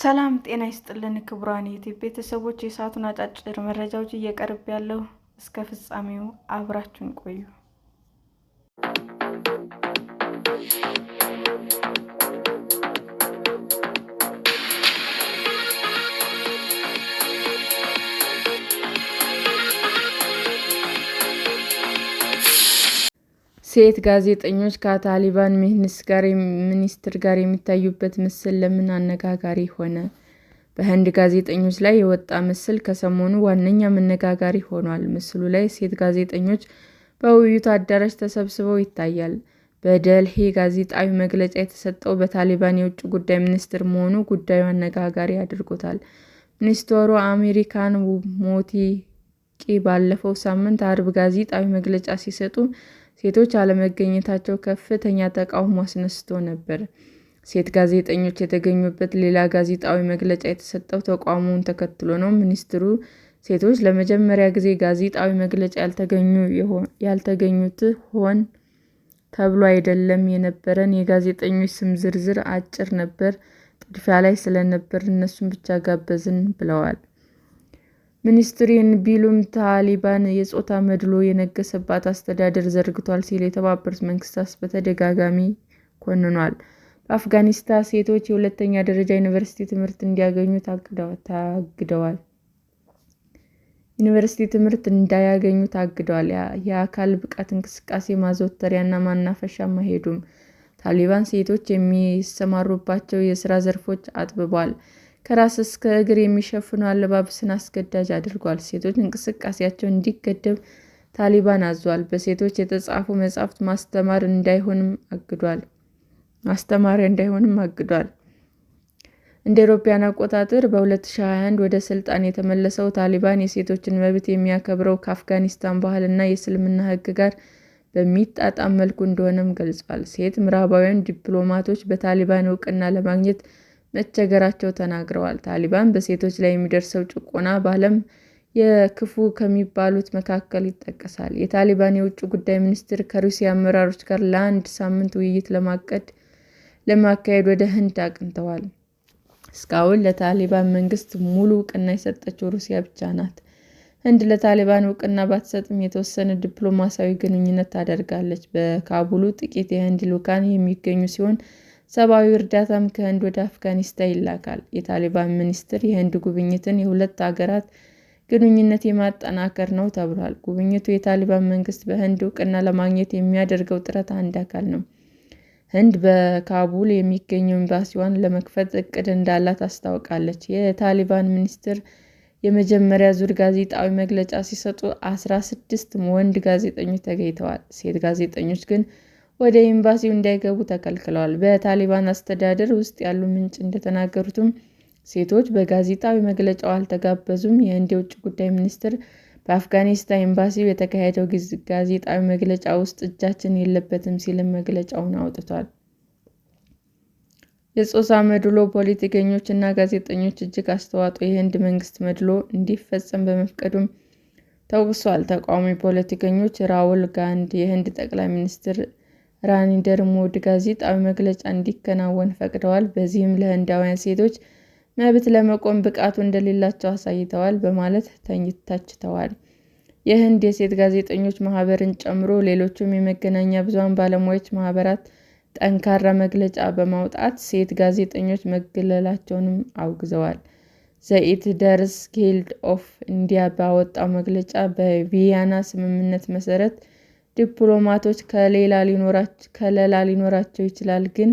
ሰላም ጤና ይስጥልን ክቡራን ዩቲዩብ ቤተሰቦች፣ የሰዓቱን አጫጭር መረጃዎች እየቀርብ ያለው እስከ ፍጻሜው አብራችን ቆዩ። ሴት ጋዜጠኞች ከታሊባን ሚኒስትር ጋር የሚታዩበት ምስል ለምን አነጋጋሪ ሆነ? በህንድ ጋዜጠኞች ላይ የወጣ ምስል ከሰሞኑ ዋነኛ መነጋጋሪ ሆኗል። ምስሉ ላይ ሴት ጋዜጠኞች በውይይት አዳራሽ ተሰብስበው ይታያል። በደልሂ ጋዜጣዊ መግለጫ የተሰጠው በታሊባን የውጭ ጉዳይ ሚኒስትር መሆኑ ጉዳዩ አነጋጋሪ አድርጎታል። ሚኒስትሩ አሚር ሞቲቂ ባለፈው ሳምንት አርብ ጋዜጣዊ መግለጫ ሲሰጡ ሴቶች አለመገኘታቸው ከፍተኛ ተቃውሞ አስነስቶ ነበር። ሴት ጋዜጠኞች የተገኙበት ሌላ ጋዜጣዊ መግለጫ የተሰጠው ተቃውሞውን ተከትሎ ነው። ሚኒስትሩ ሴቶች ለመጀመሪያ ጊዜ ጋዜጣዊ መግለጫ ያልተገኙት ሆን ተብሎ አይደለም። የነበረን የጋዜጠኞች ስም ዝርዝር አጭር ነበር፣ ጥድፊያ ላይ ስለነበር እነሱን ብቻ ጋበዝን ብለዋል። ሚኒስትሩን ቢሉም ታሊባን የጾታ መድሎ የነገሰባት አስተዳደር ዘርግቷል ሲል የተባበሩት መንግስታት በተደጋጋሚ ኮንኗል። በአፍጋኒስታን ሴቶች የሁለተኛ ደረጃ ዩኒቨርሲቲ ትምህርት እንዲያገኙ ታግደዋል ዩኒቨርሲቲ ትምህርት እንዳያገኙ ታግደዋል። የአካል ብቃት እንቅስቃሴ ና ማናፈሻም አይሄዱም። ታሊባን ሴቶች የሚሰማሩባቸው የስራ ዘርፎች አጥብቧል። ከራስ እስከ እግር የሚሸፍኑ አለባበስን አስገዳጅ አድርጓል። ሴቶች እንቅስቃሴያቸው እንዲገደብ ታሊባን አዟል። በሴቶች የተጻፉ መጻሕፍት ማስተማር እንዳይሆንም አግዷል ማስተማሪያ እንዳይሆንም አግዷል። እንደ አውሮፓውያን አቆጣጠር በ2021 ወደ ስልጣን የተመለሰው ታሊባን የሴቶችን መብት የሚያከብረው ከአፍጋኒስታን ባህልና የእስልምና ሕግ ጋር በሚጣጣም መልኩ እንደሆነም ገልጿል። ሴት ምዕራባውያን ዲፕሎማቶች በታሊባን እውቅና ለማግኘት መቸገራቸው ተናግረዋል። ታሊባን በሴቶች ላይ የሚደርሰው ጭቆና በዓለም የክፉ ከሚባሉት መካከል ይጠቀሳል። የታሊባን የውጭ ጉዳይ ሚኒስትር ከሩሲያ አመራሮች ጋር ለአንድ ሳምንት ውይይት ለማቀድ ለማካሄድ ወደ ህንድ አቅንተዋል። እስካሁን ለታሊባን መንግስት ሙሉ እውቅና የሰጠችው ሩሲያ ብቻ ናት። ህንድ ለታሊባን እውቅና ባትሰጥም የተወሰነ ዲፕሎማሲያዊ ግንኙነት ታደርጋለች። በካቡሉ ጥቂት የህንድ ልዑካን የሚገኙ ሲሆን ሰብአዊ እርዳታም ከህንድ ወደ አፍጋኒስታን ይላካል። የታሊባን ሚኒስትር የህንድ ጉብኝትን የሁለት ሀገራት ግንኙነት የማጠናከር ነው ተብሏል። ጉብኝቱ የታሊባን መንግስት በህንድ እውቅና ለማግኘት የሚያደርገው ጥረት አንድ አካል ነው። ህንድ በካቡል የሚገኘው ኤምባሲዋን ለመክፈት እቅድ እንዳላት አስታውቃለች። የታሊባን ሚኒስትር የመጀመሪያ ዙር ጋዜጣዊ መግለጫ ሲሰጡ አስራ ስድስት ወንድ ጋዜጠኞች ተገኝተዋል። ሴት ጋዜጠኞች ግን ወደ ኤምባሲው እንዳይገቡ ተከልክለዋል። በታሊባን አስተዳደር ውስጥ ያሉ ምንጭ እንደተናገሩትም ሴቶች በጋዜጣዊ መግለጫው አልተጋበዙም። የህንድ የውጭ ጉዳይ ሚኒስትር በአፍጋኒስታን ኤምባሲ በተካሄደው ጋዜጣዊ መግለጫ ውስጥ እጃችን የለበትም ሲልም መግለጫውን አውጥቷል። የጾታ መድሎ ፖለቲከኞች እና ጋዜጠኞች እጅግ አስተዋጽኦ የህንድ መንግስት መድሎ እንዲፈጸም በመፍቀዱም ተወቅሷል። ተቃዋሚ ፖለቲከኞች ራውል ጋንድ የህንድ ጠቅላይ ሚኒስትር ራኒደር ሞድ ጋዜጣዊ መግለጫ እንዲከናወን ፈቅደዋል። በዚህም ለህንዳውያን ሴቶች መብት ለመቆም ብቃቱ እንደሌላቸው አሳይተዋል በማለት ተችተዋል። የህንድ የሴት ጋዜጠኞች ማህበርን ጨምሮ ሌሎችም የመገናኛ ብዙሃን ባለሙያዎች ማህበራት ጠንካራ መግለጫ በማውጣት ሴት ጋዜጠኞች መገለላቸውንም አውግዘዋል። ዘኢት ደርስ ጊልድ ኦፍ ኢንዲያ ባወጣው መግለጫ በቪያና ስምምነት መሰረት ዲፕሎማቶች ከለላ ሊኖራቸው ይችላል፣ ግን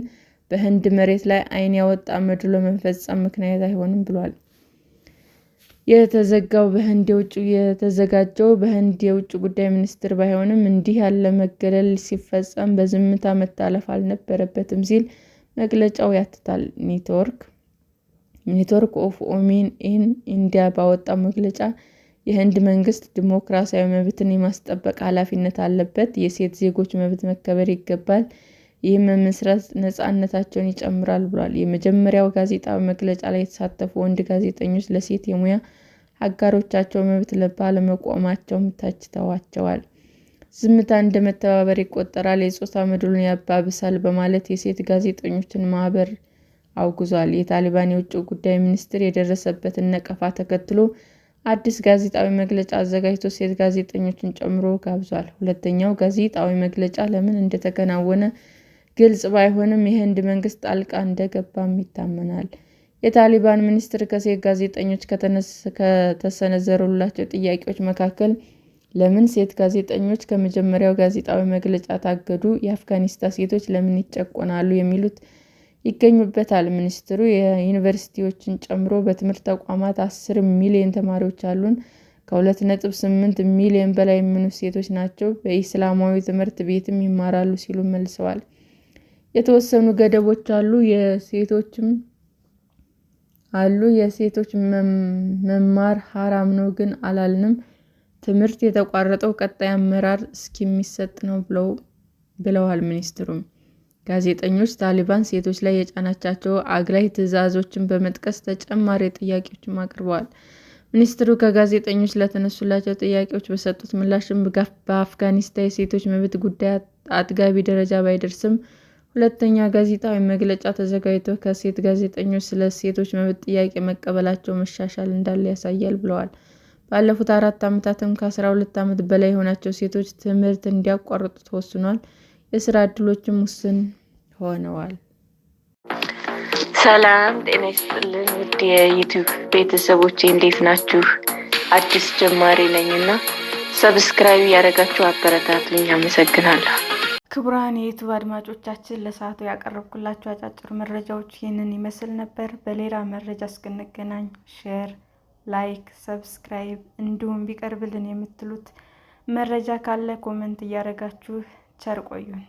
በህንድ መሬት ላይ ዓይን ያወጣ መድሎ መፈጸም ምክንያት አይሆንም ብሏል። የተዘጋው በህንድ የውጭ የተዘጋጀው በህንድ የውጭ ጉዳይ ሚኒስትር ባይሆንም እንዲህ ያለ መገለል ሲፈጸም በዝምታ መታለፍ አልነበረበትም ሲል መግለጫው ያትታል። ኔትወርክ ኦፍ ኦሜን ኢን ኢንዲያ ባወጣው መግለጫ የህንድ መንግስት ዲሞክራሲያዊ መብትን የማስጠበቅ ኃላፊነት አለበት። የሴት ዜጎች መብት መከበር ይገባል። ይህም መመስረት ነፃነታቸውን ይጨምራል ብሏል። የመጀመሪያው ጋዜጣዊ መግለጫ ላይ የተሳተፉ ወንድ ጋዜጠኞች ለሴት የሙያ አጋሮቻቸው መብት ባለመቆማቸውም ተችተዋቸዋል። ዝምታ እንደ መተባበር ይቆጠራል፣ የጾታ መድሎን ያባብሳል በማለት የሴት ጋዜጠኞችን ማህበር አውግዟል። የታሊባን የውጭ ጉዳይ ሚኒስትር የደረሰበትን ነቀፋ ተከትሎ አዲስ ጋዜጣዊ መግለጫ አዘጋጅቶ ሴት ጋዜጠኞችን ጨምሮ ጋብዟል። ሁለተኛው ጋዜጣዊ መግለጫ ለምን እንደተከናወነ ግልጽ ባይሆንም የህንድ መንግስት ጣልቃ እንደገባም ይታመናል። የታሊባን ሚኒስትር ከሴት ጋዜጠኞች ከተሰነዘሩላቸው ጥያቄዎች መካከል ለምን ሴት ጋዜጠኞች ከመጀመሪያው ጋዜጣዊ መግለጫ ታገዱ? የአፍጋኒስታን ሴቶች ለምን ይጨቆናሉ? የሚሉት ይገኙበታል። ሚኒስትሩ የዩኒቨርሲቲዎችን ጨምሮ በትምህርት ተቋማት አስር ሚሊዮን ተማሪዎች አሉን። ከሁለት ነጥብ ስምንት ሚሊዮን በላይ የሚሆኑ ሴቶች ናቸው በኢስላማዊ ትምህርት ቤትም ይማራሉ ሲሉ መልሰዋል። የተወሰኑ ገደቦች አሉ የሴቶችም አሉ የሴቶች መማር ሀራም ነው ግን አላልንም። ትምህርት የተቋረጠው ቀጣይ አመራር እስኪሚሰጥ ነው ብለዋል ሚኒስትሩም ጋዜጠኞች ታሊባን ሴቶች ላይ የጫነቻቸው አግላይ ትዕዛዞችን በመጥቀስ ተጨማሪ ጥያቄዎችን አቅርበዋል። ሚኒስትሩ ከጋዜጠኞች ለተነሱላቸው ጥያቄዎች በሰጡት ምላሽም በአፍጋኒስታን የሴቶች መብት ጉዳይ አጥጋቢ ደረጃ ባይደርስም፣ ሁለተኛ ጋዜጣዊ መግለጫ ተዘጋጅቶ ከሴት ጋዜጠኞች ስለ ሴቶች መብት ጥያቄ መቀበላቸው መሻሻል እንዳለ ያሳያል ብለዋል። ባለፉት አራት ዓመታትም ከ12 ዓመት በላይ የሆናቸው ሴቶች ትምህርት እንዲያቋርጡ ተወስኗል። የስራ እድሎችም ውስን ሆነዋል። ሰላም ጤና ይስጥልን ውድ የዩቱብ ቤተሰቦች እንዴት ናችሁ? አዲስ ጀማሪ ነኝ እና ሰብስክራይብ ያደረጋችሁ አበረታቱኝ። አመሰግናለሁ። ክቡራን የዩቱብ አድማጮቻችን ለሰዓቱ ያቀረብኩላችሁ አጫጭር መረጃዎች ይህንን ይመስል ነበር። በሌላ መረጃ እስክንገናኝ ሼር፣ ላይክ፣ ሰብስክራይብ እንዲሁም ቢቀርብልን የምትሉት መረጃ ካለ ኮመንት እያደረጋችሁ ቸር ቆዩኝ።